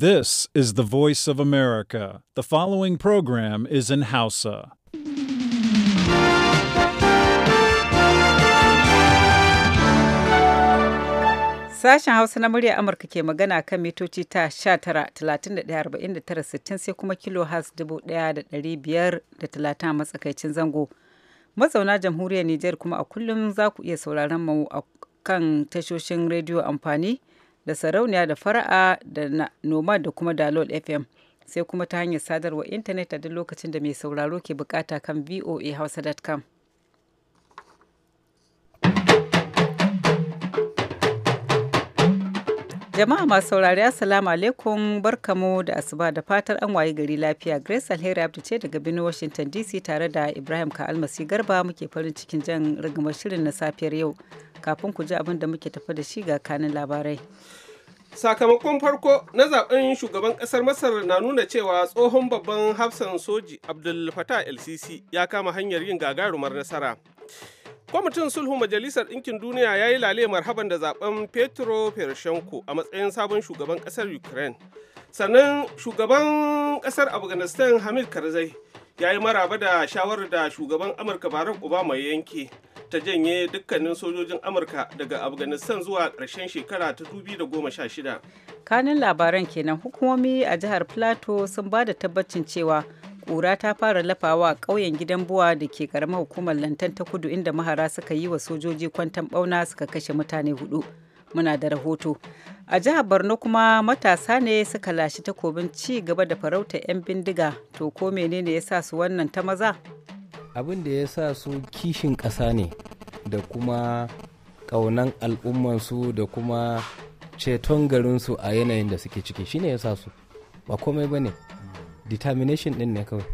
This is the voice of America. The following program is in Hausa. Sashen Hausa na murya Amurka ke magana kan mitoci ta 19,31,49,60 sai kuma kilo has 1,530 matsakaicin zango. Mazauna jamhuriyar Nijar kuma a kullum za ku iya sauraron mu a kan tashoshin rediyo amfani. da sarauniya da fara'a da noma da kuma dalol fm sai kuma ta hanyar sadarwa intanet a duk lokacin da mai sauraro ke bukata kan voahausa.com Jama'a masu saurari Assalamu alaikum barkamu da asuba da fatar an waye gari lafiya. Grace Alheri Abdu ce daga birnin Washington DC tare da Ibrahim Ka'almasi Garba muke farin cikin jan rigamar shirin na safiyar yau. Kafin ku ji abin da muke tafi da shi ga kanin labarai. Sakamakon farko na zaben shugaban kasar Masar na nuna cewa tsohon babban hafsan soji Abdul Fattah El ya kama hanyar yin gagarumar nasara. Kwamitin sulhu Majalisar Ɗinkin Duniya ya yi lale marhaban da zaben Petro Poroshenko a matsayin sabon shugaban ƙasar Ukraine. Sannan shugaban ƙasar Afghanistan Hamid Karzai ya yi maraba da shawarar da shugaban Amurka Barack Obama ya yanke ta janye dukkanin sojojin Amurka daga Afghanistan zuwa ƙarshen shekara ta 2016. Kanin labaran kenan hukumomi a jihar Plateau sun ba da tabbacin cewa ƙura ta fara lafawa ƙauyen gidan buwa da ke karamar hukumar lantan ta kudu inda mahara suka yi wa sojoji kwantan ɓauna suka kashe mutane hudu muna da rahoto a jihar borno kuma matasa ne suka lashi takobin ci gaba da farauta 'yan bindiga to ko menene ya sa su wannan ta maza abin da ya sa su kishin ƙasa ne da kuma ƙaunan al'ummansu da kuma ceton garinsu a yanayin da suke ciki shine ya sa su ba komai ba ne determination din ne kawai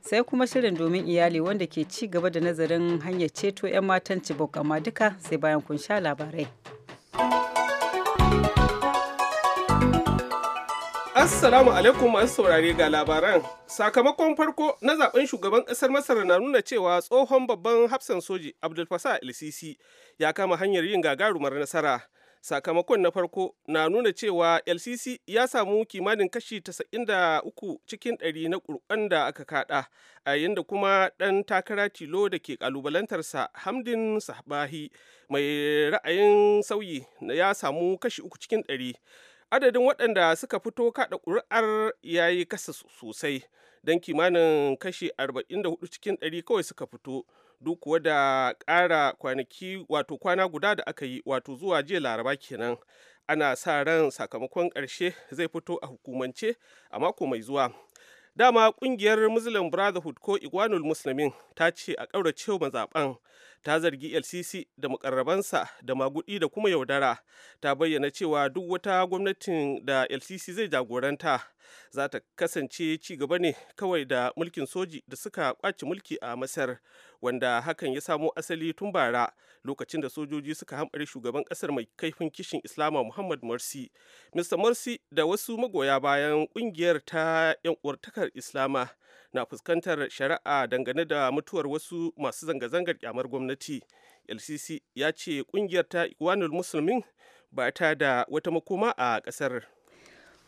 sai kuma shirin domin iyali wanda ke ci gaba da nazarin hanyar ceto 'yan matan cibok amma duka sai bayan kun sha labarai Assalamu alaikum masu saurare ga labaran. Sakamakon farko na zaben shugaban kasar Masar na nuna cewa tsohon babban hafsan soji Abdul Fattah El-Sisi ya kama hanyar yin gagarumar nasara sakamakon na farko na nuna cewa lcc ya samu kimanin kashi 93 cikin 100 na ƙur'an da aka kaɗa a yadda kuma ɗan takara tilo da ke ƙalubalantarsa hamdin sahbahi mai ra'ayin sauyi ya samu kashi 3 cikin 100 adadin waɗanda suka fito kada ƙuri'ar ya yi kasa sosai don kimanin kashi 44 cikin 100 kawai suka fito duk kuwa da ƙara kwanaki wato kwana guda da aka yi wato zuwa jiya laraba kenan ana sa ran sakamakon ƙarshe zai fito a hukumance a mako mai zuwa dama ƙungiyar muslim brotherhood ko igwanul muslimin ta ce a ƙauracewa zaben ta zargi lcc da mukarrabansa da magudi da kuma yaudara ta bayyana cewa duk wata gwamnatin da lcc zai jagoranta za ta kasance ci gaba ne kawai da mulkin soji da suka kwaci mulki a masar wanda hakan ya samo asali tun bara lokacin da sojoji suka hamɓare shugaban ƙasar mai kaifin kishin islama muhammad morsi mr morsi da wasu magoya bayan ƙungiyar ta 'yan uwartakar islama na fuskantar shari'a dangane da mutuwar wasu masu zanga-zangar kyamar gwamnati lcc ya ce kungiyar ta iwanul musulmin ba ta da wata makoma a kasar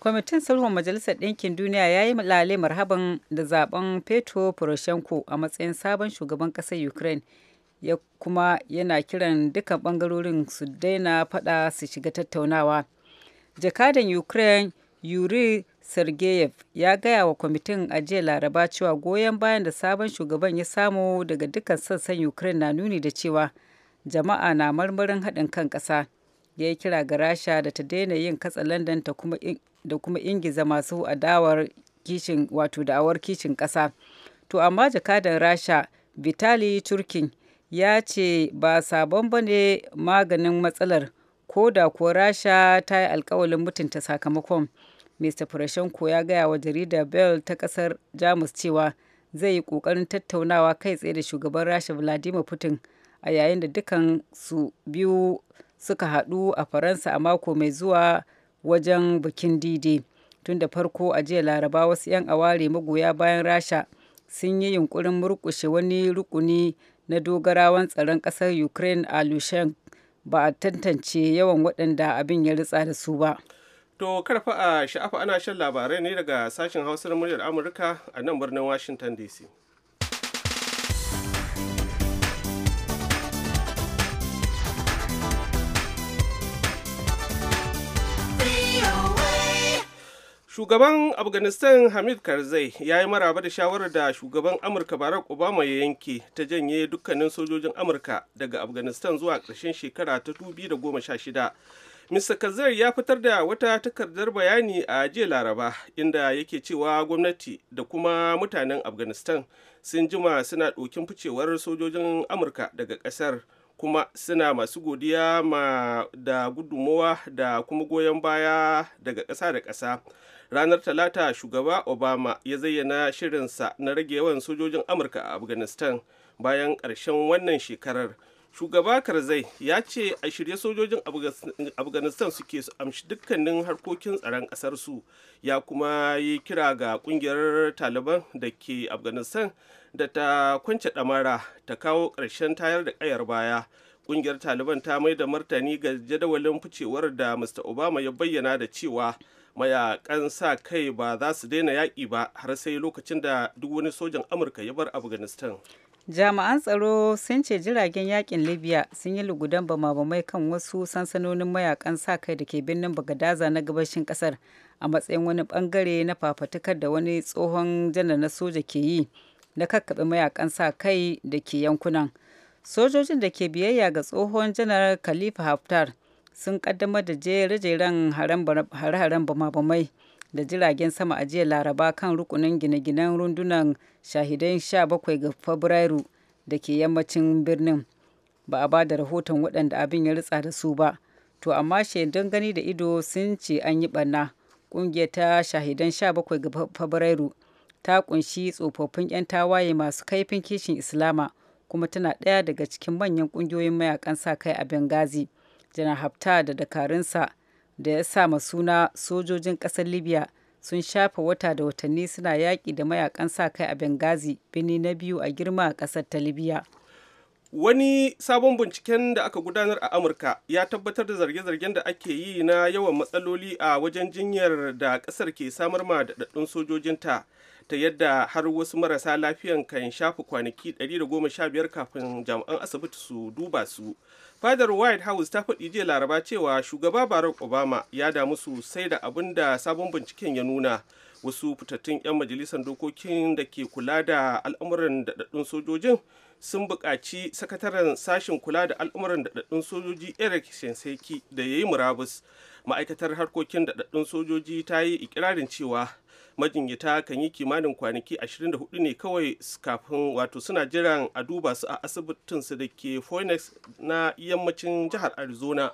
kwamitin sulhun majalisar ɗinkin duniya ya yi lalai marhaban da zaben petro poroshenko a matsayin sabon shugaban ƙasar ukraine ya kuma yana kiran dukkan ɓangarorin su daina faɗa su shiga tattaunawa jakadan ukraine yuri sergeyev ya gaya wa kwamitin a jiya laraba cewa goyon bayan da sabon shugaban ya samu daga dukkan sassan ukraine na nuni da cewa jama'a na marmarin haɗin kan ƙasa ya yi kira ga rasha da ta daina yin katsa london da kuma ingiza masu adawar kishin wato da'awar kishin ƙasa to amma jakadan rasha vitali turkin ya ce ba sabon ba ne maganin matsalar ko da kuwa rasha ta yi alkawalin mutunta sakamakon Mr. Poroshenko ya gaya wa jaridar Bell ta kasar Jamus cewa zai yi kokarin tattaunawa kai tsaye da shugaban Rasha Vladimir Putin a yayin da dukan su biyu suka haɗu a Faransa a mako mai zuwa wajen bikin d Tun da farko a jiya Laraba wasu 'yan aware magoya bayan Rasha sun yi yunkurin murƙushe wani rukuni na dogarawan tsaron ƙasar Ukraine a Lushen, ba a tantance yawan waɗanda abin ya ritsa da su ba. To karfa a sha'afa ana shan labarai ne daga sashen hausar muryar Amurka a nan birnin Washington DC. Shugaban Afghanistan Hamid Karzai ya yi maraba da shawarar da shugaban Amurka Barack Obama ya yanke ta janye dukkanin sojojin Amurka daga Afghanistan zuwa ƙarshen shekara ta 2016. Mr. Kazir ya fitar da wata takardar bayani a jiya Laraba inda yake cewa gwamnati da kuma mutanen Afghanistan sun jima suna ɗokin ficewar sojojin Amurka daga ƙasar kuma suna masu godiya ma da gudunmowa da kuma goyon baya daga ƙasa da ƙasa. Ranar Talata shugaba Obama ya zayyana shirinsa na rage yawan sojojin Amurka a Afghanistan bayan ƙarshen wannan shekarar. shugaba karzai ya ce a shirye sojojin afghanistan suke su amshi dukkanin harkokin tsaron kasarsu ya kuma yi kira ga kungiyar taliban da ke afghanistan da ta kwance damara ta kawo ƙarshen tayar da ƙayar baya kungiyar taliban ta mai da martani ga jadawalin ficewar da mr obama ya bayyana da cewa mayakan sa kai ba za su daina yaƙi ba har sai lokacin da duk wani sojan amurka ya bar afghanistan jami'an tsaro sun ce jiragen yakin libya sun yi lugudan bama-bamai kan wasu sansanonin mayakan sa kai da ke birnin bagadaza na gabashin kasar a matsayin wani bangare na fafatukar da wani tsohon janar na soja ke yi na kakkaɓe mayakan sa kai da ke yankunan sojojin da ke biyayya ga tsohon janar khalifa haftar sun kaddamar da jere-jeren hare-haren bama-bamai da jiragen sama a jiya laraba kan rukunin gine-ginen rundunan shahidan 17 ga fabrairu da ke yammacin birnin ba a ba da rahoton waɗanda abin ya ritsa da su ba to amma shaidan gani da ido sun ce an yi ɓanna ƙungiyar ta shahidan 17 ga fabrairu ta kunshi tsofaffin 'yan tawaye masu kaifin kishin islama kuma tana ɗaya daga cikin manyan ƙungiyoyin mayakan sa kai a bengazi janar hafta da dakarunsa da ya sa suna sojojin ƙasar libya sun shafa wata da watanni suna yaƙi da mayakan sa kai a bengazi bini na biyu a girma a ƙasar ta libya Wani sabon binciken da aka gudanar a Amurka ya tabbatar da zarge-zargen da ake yi na yawan matsaloli a wajen jinyar da ƙasar ke samar ma daɗaɗɗun sojojinta ta yadda har wasu marasa lafiyan kan shafi kwanaki 115 kafin jami'an asibiti su duba su. Fadar White House ta faɗi jiya laraba cewa shugaba Barack Obama ya damu sosai da abin da sabon binciken ya nuna. Wasu fitattun 'yan majalisar dokokin da ke kula da al'amuran daɗaɗɗun sojojin sun buƙaci sakataren sashen kula da al'umuran daɗaɗɗun sojoji eric shenseki da ya yi murabus ma'aikatar harkokin daɗaɗɗun sojoji ta yi ikirarin cewa majinyata kan yi kimanin kwanaki 24 ne kawai kafin wato suna jiran a duba su a asibitinsu da ke phoenix na yammacin jihar arizona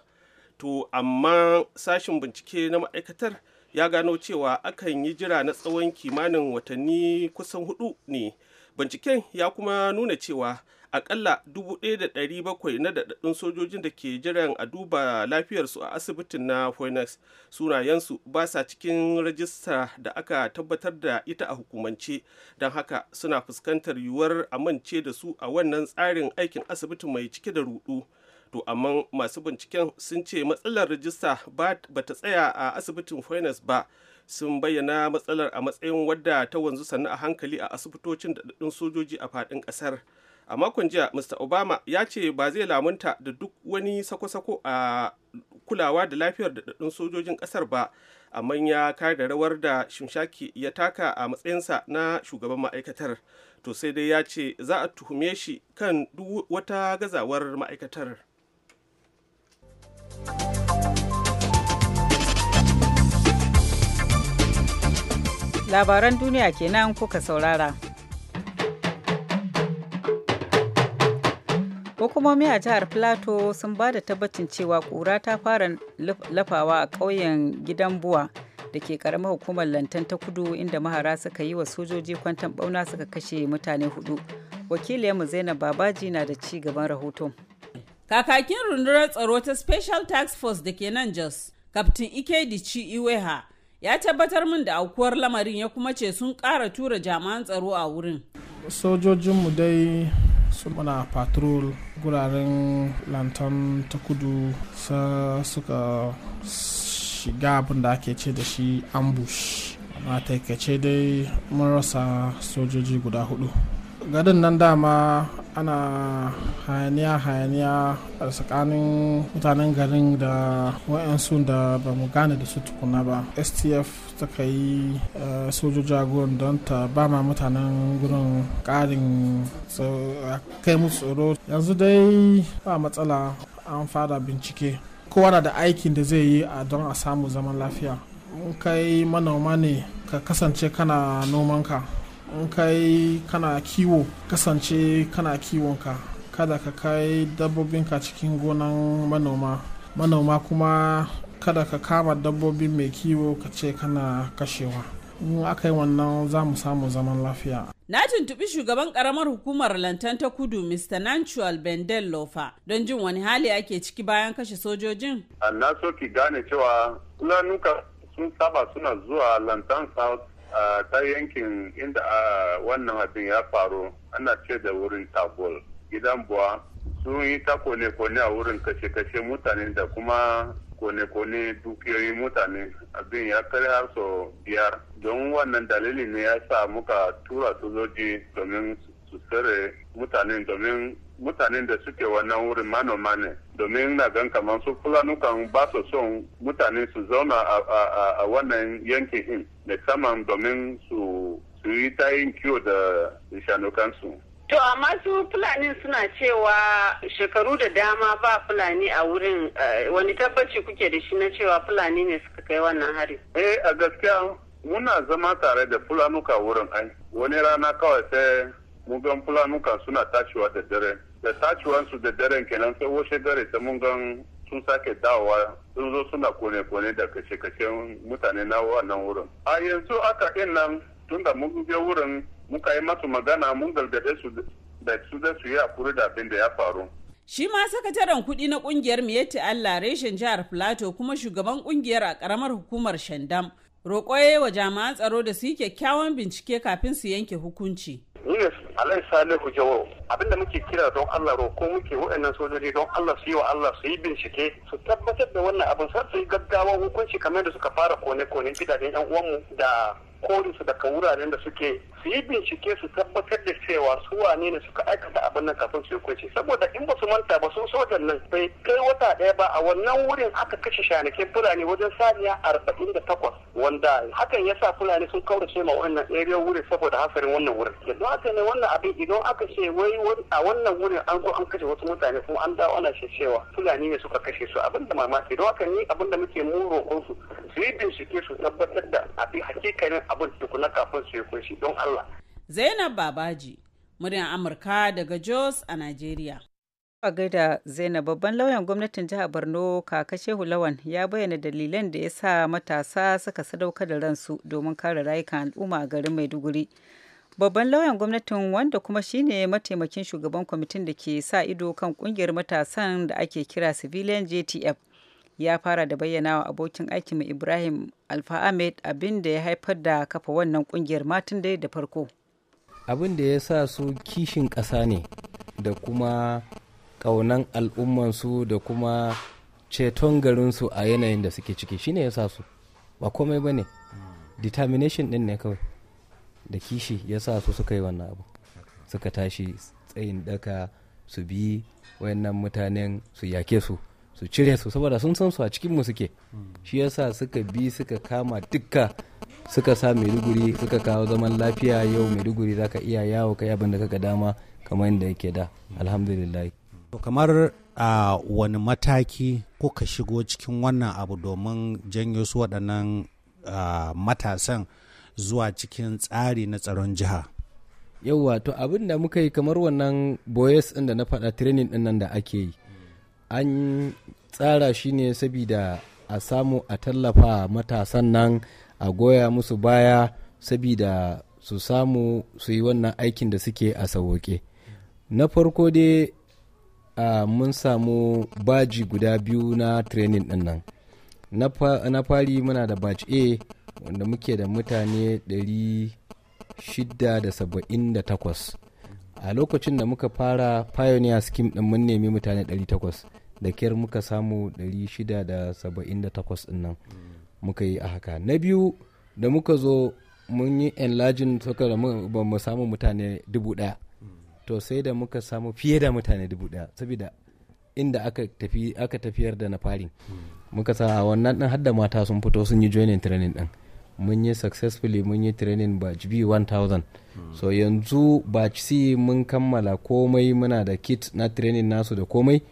to amma sashen bincike na ma'aikatar ya gano cewa akan yi jira na tsawon kimanin watanni kusan hudu ne binciken ya kuma nuna cewa akalla 1,700 na daɗaɗɗun sojojin da ke jiran a duba lafiyarsu a asibitin na phoenix sunayensu ba sa cikin rajista da aka tabbatar da ita a hukumance don haka suna fuskantar yiwuwar amince da su a wannan tsarin aikin asibitin mai cike da rudu to amma masu binciken sun ce matsalar rajista ba ta tsaya a asibitin phoenix ba sun bayyana matsalar a matsayin wadda ta wanzu sannu a hankali a asibitocin daɗaɗɗun sojoji a faɗin ƙasar a makon jiya mr obama ya ce ba zai lamunta da duk wani sako-sako a kulawa da lafiyar daɗaɗɗun sojojin ƙasar ba amma ya da rawar da shimshaki ya taka a matsayinsa na shugaban ma'aikatar to sai dai ya ce za a tuhume shi kan duk wata gazawar ma'aikatar labaran duniya kenan kuka saurara. hukumomi a jihar plateau sun ba da tabbacin cewa kura ta fara lafawa a ƙauyen gidan buwa da ke karamar hukumar lantan ta kudu inda mahara suka yi wa sojoji kwantan bauna suka kashe mutane hudu wakiliyarmu zainab babaji na da ci gaban rahoto. kakakin rundunar tsaro ta special task force da ke nan jos kaftin ci iweha ya tabbatar min da aukuwar lamarin ya kuma ce sun ƙara tura jami'an tsaro a wurin sojojinmu dai su muna patrol guraren lantan ta kudu sa suka shiga abin da ake ce da shi ambush a taikace dai mun rasa sojoji guda hudu garin nan dama ana hayaniya hayaniya a tsakanin mutanen garin da wa'yansu da ba mu gane da su tukuna ba stf ta ka yi eh, sojoji agon don ta ba ma mutanen gurin karin kai musu tsoro yanzu dai ba matsala an fara bincike kowa na da aikin da zai yi a don a samu zaman lafiya kai manoma ne ka kasance kana nomanka in kai kana kiwo kasance kana kiwonka kada ka kai ka cikin gonan manoma manoma kuma kada ka kama dabbobi mai kiwo ka ce kana kashewa in aka yi wannan za mu samu zaman lafiya na tuntubi shugaban karamar hukumar lantan ta kudu mr nanchual bendel lofa don jin wani hali ake ciki bayan kashe sojojin ah, na so ki gane cewa fulanuka sun saba suna zuwa lantan south a ta yankin inda wannan abin ya faru ana ce da wurin tabol gidan buwa sun yi ta kone-kone a wurin kashe-kashe mutane da kuma kone-kone dukiyoyin mutane abin ya kare har sau biyar don wannan dalilin ne ya sa muka tura sojoji domin su tsere mutane domin mutanen da suke wannan wurin manoma ne domin na gan kamar su fulani kan ba su son mutane su zauna a wannan yankin in musamman domin su yi ta yin kiwo da shanukansu. To amma su Fulani suna cewa shekaru da dama ba Fulani a wurin eh, wani tabbaci kuke da shi na cewa Fulani ne suka kai wannan hari. Eh a gaskiya muna zama tare da Fulanuka wurin ai. Wani rana kawai sai mugan Fulanuka suna tashiwa da dare. da tacewansu da daren kenan sai wasu dare ta mun gan sun sake dawowa sun zo suna kone-kone da kashe kashe mutane na wannan wurin a yanzu aka ɗin nan tun da mun je wurin muka yi masu magana mun gargaɗe su da su da su yi hakuri da abin da ya faru shi ma sakataren kuɗi na ƙungiyar miyatti allah reshen jihar plateau kuma shugaban ƙungiyar a karamar hukumar shandam roƙo wa jami'an tsaro da su yi kyakkyawan bincike kafin su yanke hukunci. Yes, Alai Salihu Jawo, abinda muke kira don Allah roƙo muke waɗannan sojoji don Allah su yi wa Allah su yi bincike su tabbatar da wannan abin sai su yi gaggawa hukunci kamar da suka fara kone kone gidajen 'yan uwanmu da korinsu daga wuraren da suke su yi bincike su tabbatar da cewa su wane ne suka aikata abin nan kafin su yi saboda in ba su manta ba sun sojan nan bai kai wata ɗaya ba a wannan wurin aka kashe shanake fulani wajen saniya arba'in da takwas wanda hakan ya sa fulani sun kaurace ma wannan area wurin saboda hasarin wannan wurin yanzu haka ne wannan abin idan aka ce wai a wannan wurin an zo an kashe wasu mutane kuma an dawo ana cewa fulani ne suka kashe su abin da mamaki don haka ni abin da muke mu roƙonsu su su yi bincike su tabbatar da abin hakikanin abin tukuna kafin su yi kunshi don Allah. Zainab Babaji, muryar Amurka daga Jos a Najeriya. A gaida Zainab babban lauyan gwamnatin jihar Borno kaka Shehu Lawan ya bayyana dalilan da ya sa matasa suka sadauka da ransu domin kare rayukan al'umma a garin Maiduguri. Babban lauyan gwamnatin wanda kuma shine mataimakin shugaban kwamitin da ke sa ido kan kungiyar matasan da ake kira civilian JTF ya fara da bayyana wa abokin aikinmu Ibrahim Alfa Ahmed abin da ya haifar da kafa wannan kungiyar matan dai da farko. Abin da ya sa su kishin ƙasa ne da kuma ƙaunan al'ummansu da kuma ceton garinsu a yanayin da suke ciki shine ya sa su ba komai ba ne determination ɗin ne kawai da kishi ya sa su suka yi wannan abu suka tashi tsayin daka su bi wayannan mutanen su yake su su cire su saboda sun san su a cikin mu suke shi yasa suka bi suka kama dukka suka sa maiduguri suka kawo zaman lafiya yau maiduguri za ka iya yawo kai abin da kaga dama kamar yadda yake da alhamdulillah to kamar a wani mataki kuka shigo cikin wannan abu domin janyo su waɗannan matasan zuwa cikin tsari na tsaron jiha yauwa to abin da muka yi kamar wannan boyes ɗin da na faɗa training ɗin nan da ake yi an tsara shi ne sabida a samu a tallafa matasan nan a goya musu baya sabida su samu su yi wannan aikin da suke a sauke na farko dai mun samu baji guda biyu na training din nan na fari muna da batch a wanda muke da mutane 678 a lokacin da muka fara pioneer scheme din mun nemi mutane 800 da kyar muka samu 678 din nan muka yi a haka na biyu da muka zo mun yi enlarging suka da ba mu samu mutane dubu daya to sai da muka samu fiye da mutane dubu daya saboda inda aka tafi aka tafiyar da na fari muka sa wannan din har da mata sun fito sun yi joining training din mun yi successfully mun yi training batch b 1000 so yanzu batch c mun kammala komai muna da kit na training nasu da komai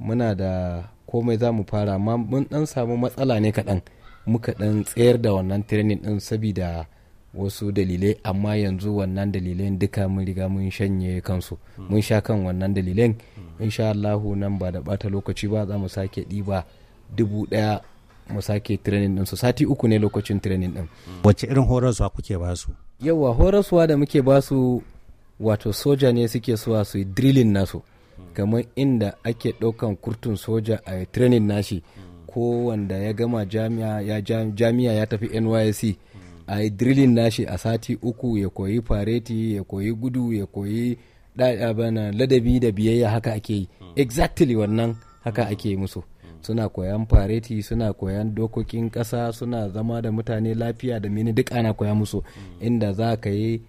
muna da komai za mu fara amma mun dan samu matsala ne kaɗan muka dan tsayar da wannan training din sabida wasu dalilai amma yanzu wannan dalilan duka mun riga mun shanye kansu mun sha kan wannan dalilan insha Allahu nan ba da bata lokaci ba za mu sake ɗiba dubu ɗaya mu sake training din su sati uku ne lokacin training din wacce irin horaswa kuke ba su yawa horaswa da muke ba su wato soja ne suke suwa su yi drilling nasu kamar inda ake ɗaukan kurtun soja a training nashi ko wanda ya gama jami'a ya jami'a ya tafi NYC a yi drilling nashi a sati uku ya koyi fareti ya koyi gudu ya koyi ladabi da biyayya haka ake yi exactly wannan haka ake musu suna koyan fareti suna koyan dokokin kasa suna zama da mutane lafiya da mini duk ana koya musu inda za ka yi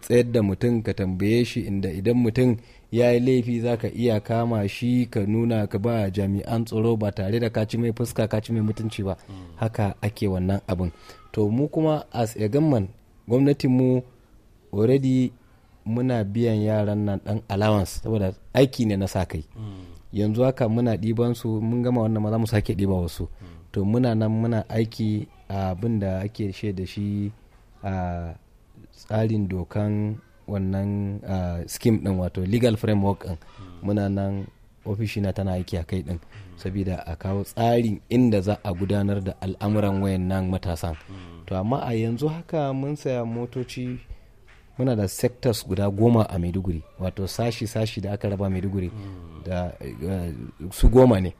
tsayar da mutum ka tambaye shi inda idan mutum ya yi laifi za ka iya kama shi ka nuna ka ba jami'an tsaro ba tare da kaci mai fuska kaci mai mutunci ba haka ake wannan abin to mu kuma as a gamman gwamnatinmu already muna biyan yaran nan dan allowance saboda aiki ne na sa kai yanzu haka muna ɗiban su mun gama wannan ma za mu sake ɗiba wasu to muna nan muna aiki abin da ake she da shi a tsarin dokan wannan scheme din wato legal framework din muna nan ofishina tana aiki a kai din saboda a kawo tsarin inda za a gudanar da al'amuran wayan nan matasan to amma a yanzu haka mun saya motoci muna da sectors guda goma a maiduguri wato sashi-sashi da aka raba maiduguri da eh, su goma ne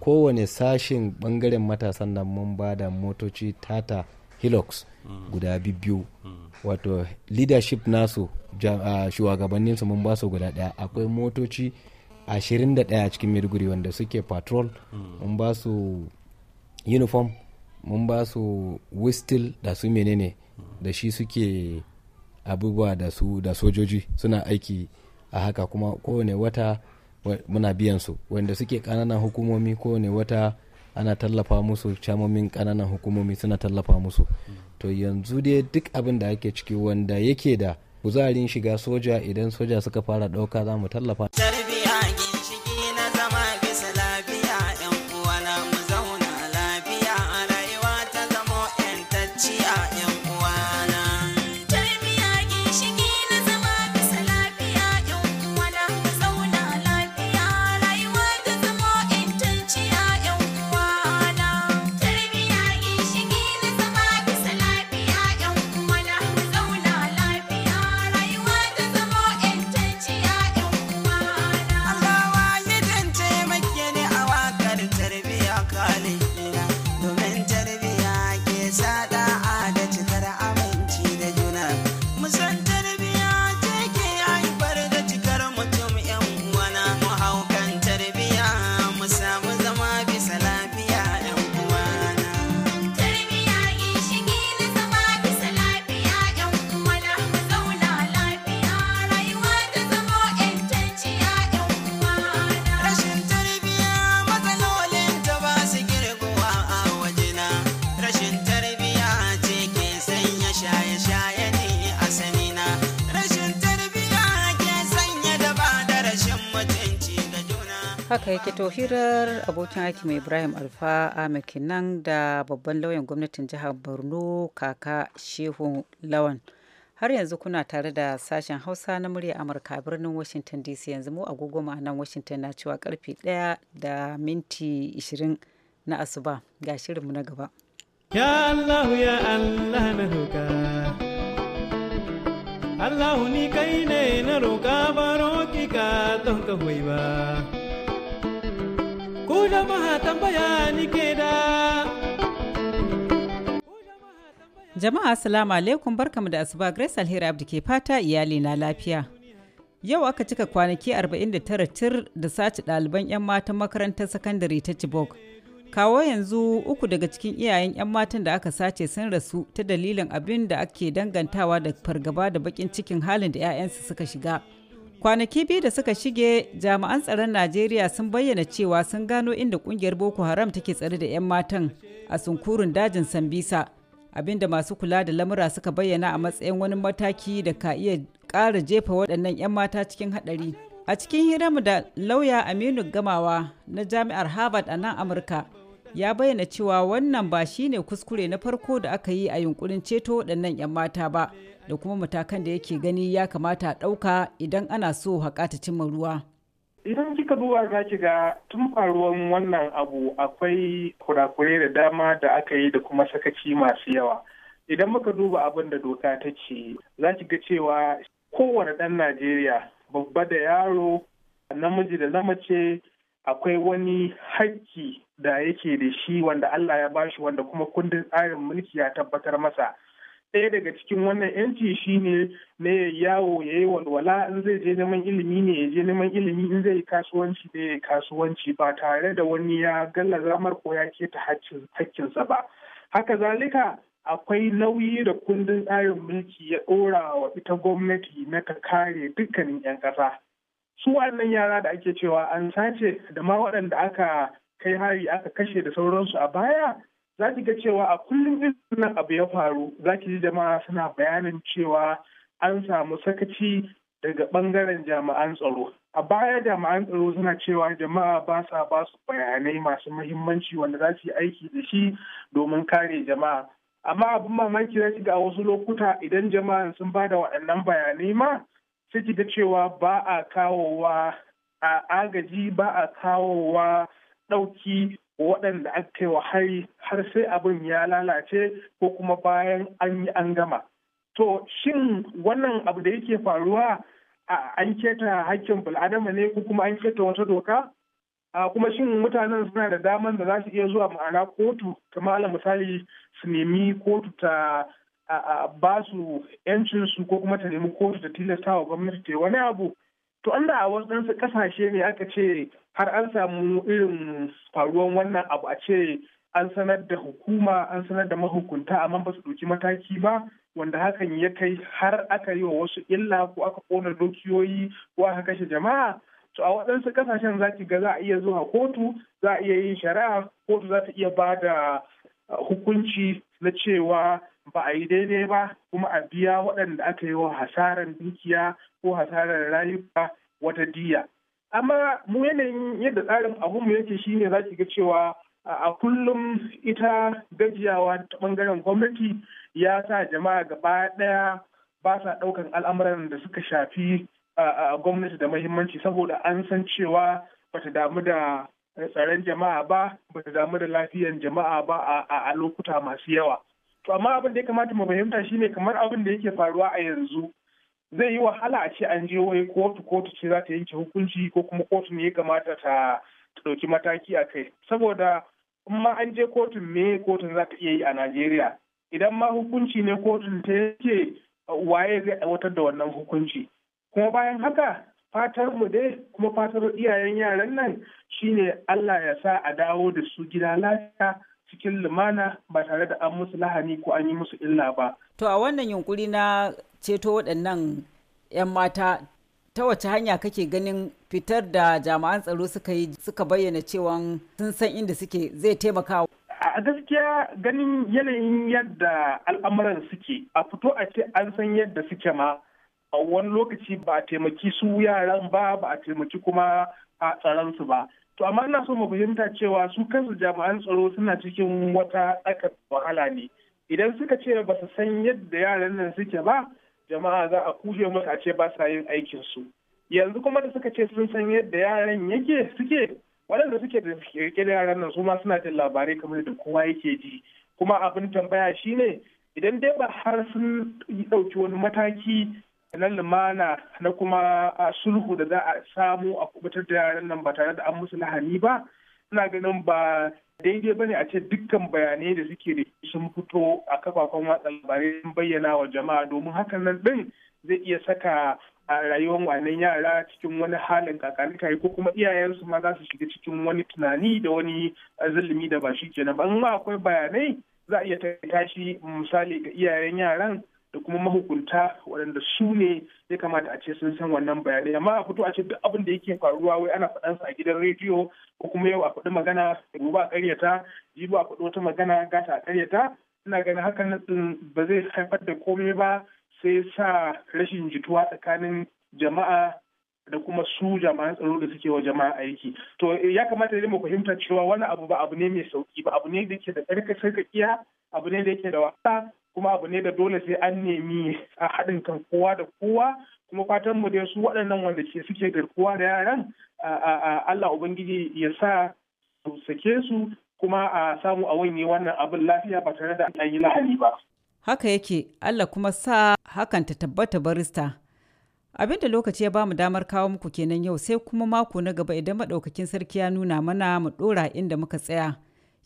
kowane sashin bangaren matasan nan mun ba da motoci tata hilux guda biyu wato leadership nasu shugabanninsu su mun ba su guda daya akwai motoci 21 a cikin maiduguri wanda suke patrol mun ba su uniform mun ba su whistle da su menene da shi suke abubuwa da su da sojoji suna aiki a haka kuma kowane wata muna biyan su wanda suke kananan hukumomi kowane wata ana tallafa musu camomin kananan hukumomi suna tallafa musu to yanzu dai duk abin da ake ciki wanda yake da kuzarin shiga soja idan soja suka fara ɗauka za mu tallafa haka yake hirar abokin aiki mai ibrahim alfa amiki nan da babban lauyan gwamnatin jihar borno kaka shehu lawan har yanzu kuna tare da sashen hausa na murya amurka birnin washington dc yanzu mu agogo ma'anan washington na cewa karfe 1 da minti 20 na asuba ga shirinmu na gaba ya allah ya allah na roka allah ni kai ne na roka baro ki ka don ka ba jama'a asalamu alaikum barkamu da asuba grace alheri abdi ke fata iyali na lafiya yau aka cika kwanaki 49 tir da sace ɗaliban 'yan matan makarantar sakandare ta chibok kawo yanzu uku daga cikin iyayen 'yan matan da aka sace sun rasu ta dalilin abin da ake dangantawa da fargaba da bakin cikin halin da 'ya'yansu suka shiga kwanaki biyu da suka shige jami'an tsaron najeriya sun bayyana cewa sun gano inda kungiyar boko haram take tsare da 'yan matan a sunkurin dajin sambisa abinda masu kula da lamura suka bayyana a matsayin wani mataki da ka iya kara jefa waɗannan 'yan mata cikin haɗari a cikin hiramu da lauya aminu gamawa na jami'ar harvard a nan amurka ya bayyana cewa wannan ba shine kuskure na farko da aka yi a yunkurin ceto waɗannan 'yan mata ba da kuma matakan da yake gani ya kamata a ɗauka idan ana so haƙa ta cimma ruwa. Idan kika duba za ki ga tun faruwan wannan abu akwai kurakurai da dama da aka yi da kuma sakaci masu yawa. Idan muka duba abin da doka ta ce za ki ga cewa kowane ɗan Najeriya babba da yaro namiji da zama ce akwai wani haƙƙi da yake da shi wanda Allah ya bashi wanda kuma kundin tsarin mulki ya tabbatar masa ɗaya daga cikin wannan yanci shine na yawo ya yi walwala in zai je neman ilimi ne ya je neman ilimi in zai yi kasuwanci ne ya kasuwanci ba tare da wani ya galla zamar ko ya keta hakkinsa ba haka zalika akwai nauyi da kundin tsarin mulki ya ɗora wa ita gwamnati na ka kare dukkanin 'yan ƙasa su wannan yara da ake cewa an sace da ma waɗanda aka kai hari aka kashe da sauransu a baya za ki ga cewa a kullum nan abu ya faru za ki ji jama'a suna bayanin cewa an samu sakaci daga bangaren jami'an tsaro a baya jama'an tsaro suna cewa jama'a ba sa ba su bayanai masu muhimmanci wanda za su yi aiki da shi domin kare jama'a amma abin mamaki za ki ga wasu lokuta idan jama'a sun ba da waɗannan bayanai ma sai ki ga cewa ba a kawowa a agaji ba a kawowa ɗauki waɗanda aka kai wa hari har sai abin ya lalace ko kuma bayan an yi an gama. To shin wannan abu da yake faruwa an keta hakkin bil'adama ne ko kuma an keta wata doka? kuma shin mutanen suna da daman da za su iya zuwa ma'ana kotu ta malam misali su nemi kotu ta ba su yancinsu ko kuma ta nemi kotu ta tilasta wa gwamnati wani abu to an da a wasu ƙasashe ne aka ce har an samu irin faruwan wannan abu a ce an sanar da hukuma an sanar da mahukunta amma ba su ɗauki mataki ba wanda hakan ya kai har aka yi wa wasu illa ko aka ƙona dukiyoyi ko aka kashe jama'a to a waɗansu ƙasashen za ki ga za a iya zuwa kotu za a iya yin shari'a kotu za ta iya ba da uh, hukunci na cewa ba a yi daidai ba kuma a biya waɗanda aka yi wa hasarar dukiya ko hasarar rayuka wata diya amma mu yanayin yadda tsarin ahunmu yake shine za ki ga cewa a kullum ita gajiyawa ta bangaren gwamnati ya sa jama'a gaba daya ba sa daukan al'amuran da suka shafi gwamnati da mahimmanci saboda an san cewa bata damu da tsaron jama'a ba bata damu da lafiyan jama'a ba a lokuta masu yawa to amma abin da ya kamata mu fahimta shine kamar abin da yake faruwa a yanzu zai yi wahala a ce an je wai kotu kotu ce za ta yanke hukunci ko kuma kotu ne ya kamata ta ɗauki mataki a kai saboda in ma an je kotun me kotun za ta iya yi a najeriya idan ma hukunci ne kotun ta yake, waye zai aiwatar da wannan hukunci kuma bayan haka fatar mu dai kuma fatar iyayen yaran nan shine allah ya sa a dawo da su gida lafiya cikin lumana ba tare da an musu lahani ko an yi musu illa ba to a wannan yunkuri na ceto waɗannan 'yan mata ta wace hanya kake ganin fitar da jami'an tsaro suka yi suka bayyana cewa sun san inda suke zai taimaka a gaskiya ganin yanayin yadda al'amuran suke a fito a ce an san yadda suke ma a wani lokaci ba a taimaki su yaran ba ba a taimaki kuma a tsaron ba to amma ina so mu fahimta cewa su kansu jami'an tsaro suna cikin wata tsakar wahala ne idan suka ce ba su san yadda yaran nan suke ba jama'a za a kuje musu a ce ba sa yin aikin su yanzu kuma da suka ce sun san yadda yaran yake suke waɗanda suke da rike da yaran nan su ma suna jin labarai kamar da kowa yake ji kuma abin tambaya shine idan dai ba har sun ɗauki wani mataki na lumana na kuma a sulhu da za a samu a kubutar da yaran nan ba tare da an musu lahani ba ina ganin ba daidai ba ne a ce dukkan bayanai da suke da sun fito a kafafen watsa labarai sun bayyana wa jama'a domin hakan nan din zai iya saka a rayuwar wannan yara cikin wani halin kakanika ko kuma iyayensu ma za su shiga cikin wani tunani da wani zulumi da ba shi kenan ba in akwai bayanai za a iya tashi misali ga iyayen yaran da kuma mahukunta waɗanda su ne ya kamata a ce sun san wannan bayanai amma a fito a ce duk abin da yake faruwa wai ana faɗan sa a gidan rediyo ko kuma yau a faɗi magana gobe a ƙaryata jibo a faɗi wata magana gata a ƙaryata ina ganin hakan ba zai haifar da komai ba sai sa rashin jituwa tsakanin jama'a da kuma su jama'an tsaro da suke wa jama'a aiki to ya kamata dai mu fahimta cewa wani abu ba abu ne mai sauki ba abu ne da ke da karkashin kakiya abu ne da yake da wasa kuma abu ne da dole sai an nemi a haɗin kan kowa da kowa kuma fatan mu da su waɗannan wanda ke suke garkuwa da yaran Allah ubangiji ya sa su sake su kuma a samu a wani wannan abin lafiya ba tare da an yi lahani ba haka yake Allah kuma sa hakan ta tabbata barista abin da lokaci ya bamu damar kawo muku kenan yau sai kuma mako na gaba idan madaukakin sarki ya nuna mana mu dora inda muka tsaya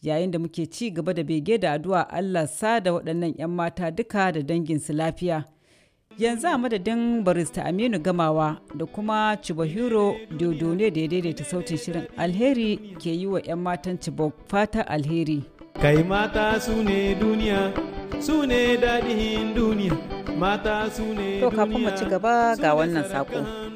yayin da muke ci gaba da bege da addu'a Allah sa da waɗannan 'yan mata duka da danginsu lafiya. Yanzu a madadin barista Aminu Gamawa da kuma Chibahiro Dodone da ya daidaita sautin shirin alheri ke yi wa 'yan matan Chibok fata alheri. Kai mata su ne duniya, su ne daɗin duniya, mata su ne duniya. su kafin mu ci gaba ga wannan saƙo.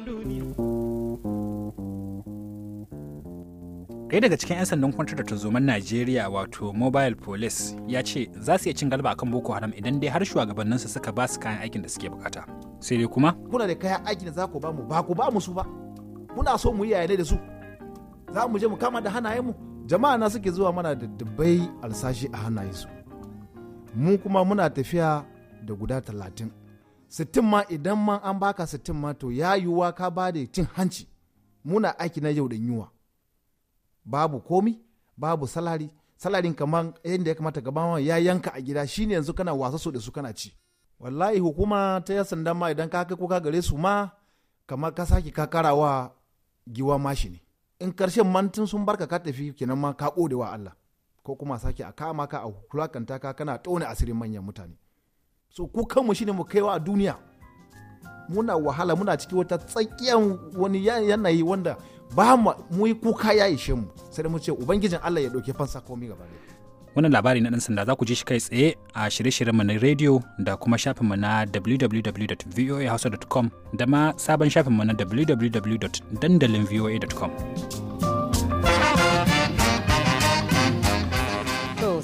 ɗaya daga cikin 'yan sandan kwantar da tarzoman najeriya wato mobile police ya ce za su iya cin galba akan boko haram idan dai har shugabanninsu suka ba su kayan aikin da suke bukata sai dai kuma kuna da kayan aikin da za ku ba mu ba ku ba mu su ba muna so mu yi yayane da su za mu je mu kama da hannayenmu jama'a na suke zuwa mana da dubbai alsashi a hannayensu mu kuma muna tafiya da guda talatin sittin ma idan ma an baka sittin ma to ya yiwuwa ka ba da cin hanci muna aiki na yau da yunwa babu komi babu salari salarin kamar yadda ya kamata gaba ya yanka a gida shine yanzu kana wasa so da su kana ci wallahi hukuma ta yasan dan ma idan ka kai kuka gare su ma kamar ka sake ka karawa giwa mashi ne in karshen mantin sun barka ka tafi kenan ma ka kode wa Allah ko kuma sake a kama ka a ka kana tone asirin manyan mutane so ku kanmu shine mu kaiwa a duniya muna wahala muna cikin wata tsakiyar wani yanayi wanda ba mu yi kuka ya ishe mu sai mu ce ubangijin Allah ya dauke fansa komai gaba ɗaya wannan labari na dan sanda za ku ji shi kai tsaye a shirye-shiryen mu na rediyo da kuma shafin mu na www.voahausa.com da ma sabon shafin mu na www.dandalinvoa.com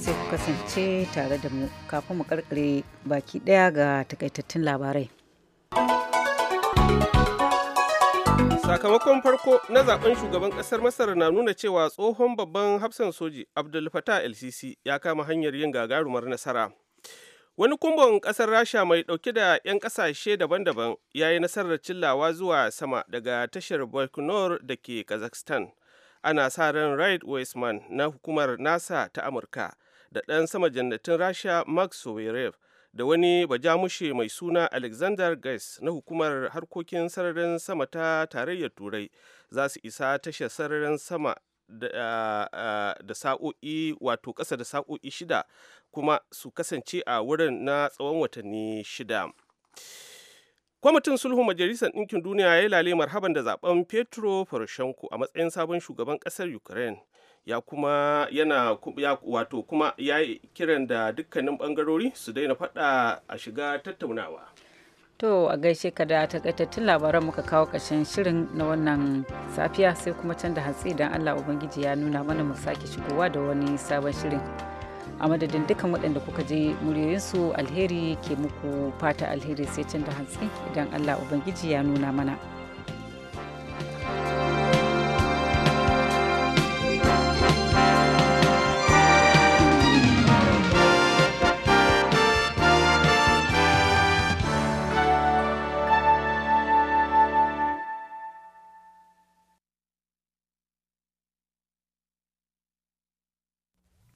sai ku kasance tare da mu kafin mu karkare baki ɗaya ga takaitattun labarai Sakamakon farko na zaben shugaban kasar Masar na nuna cewa tsohon babban hafsan soji Abdul Fattah el ya kama hanyar yin gagarumar nasara. Wani kumbon kasar Rasha mai dauke da 'yan kasashe daban-daban ya yi nasarar cillawa zuwa sama daga tashar Baikonur da ke Kazakhstan. Ana sa ran Wright Weisman na hukumar NASA ta Amurka da ɗan sama jannatin Rasha mark Soverev da wani bajamushe mai suna alexander ges na hukumar harkokin sararin sama ta tarayyar turai za su isa tashar sararin sama da sa'o'i wato kasa da sa'o'i shida kuma su kasance a wurin na tsawon watanni shida kwamitin sulhu majalisar ɗinkin duniya ya lale haban da zaben petro poroshenko a matsayin sabon shugaban ƙasar ukraine ya kuma yana ya, wato kuma ya yi kiran da dukkanin bangarori su daina faɗa a shiga tattaunawa to a gaishe ka da takaitattun labaran muka kawo kashin shirin na wannan safiya sai kuma can da hatsi idan allah ubangiji ya nuna mana mu sake shigowa da wani sabon shirin a madadin dukkan waɗanda kuka je muryoyinsu alheri ke muku fata alheri sai can da hantsi idan allah ubangiji ya nuna mana.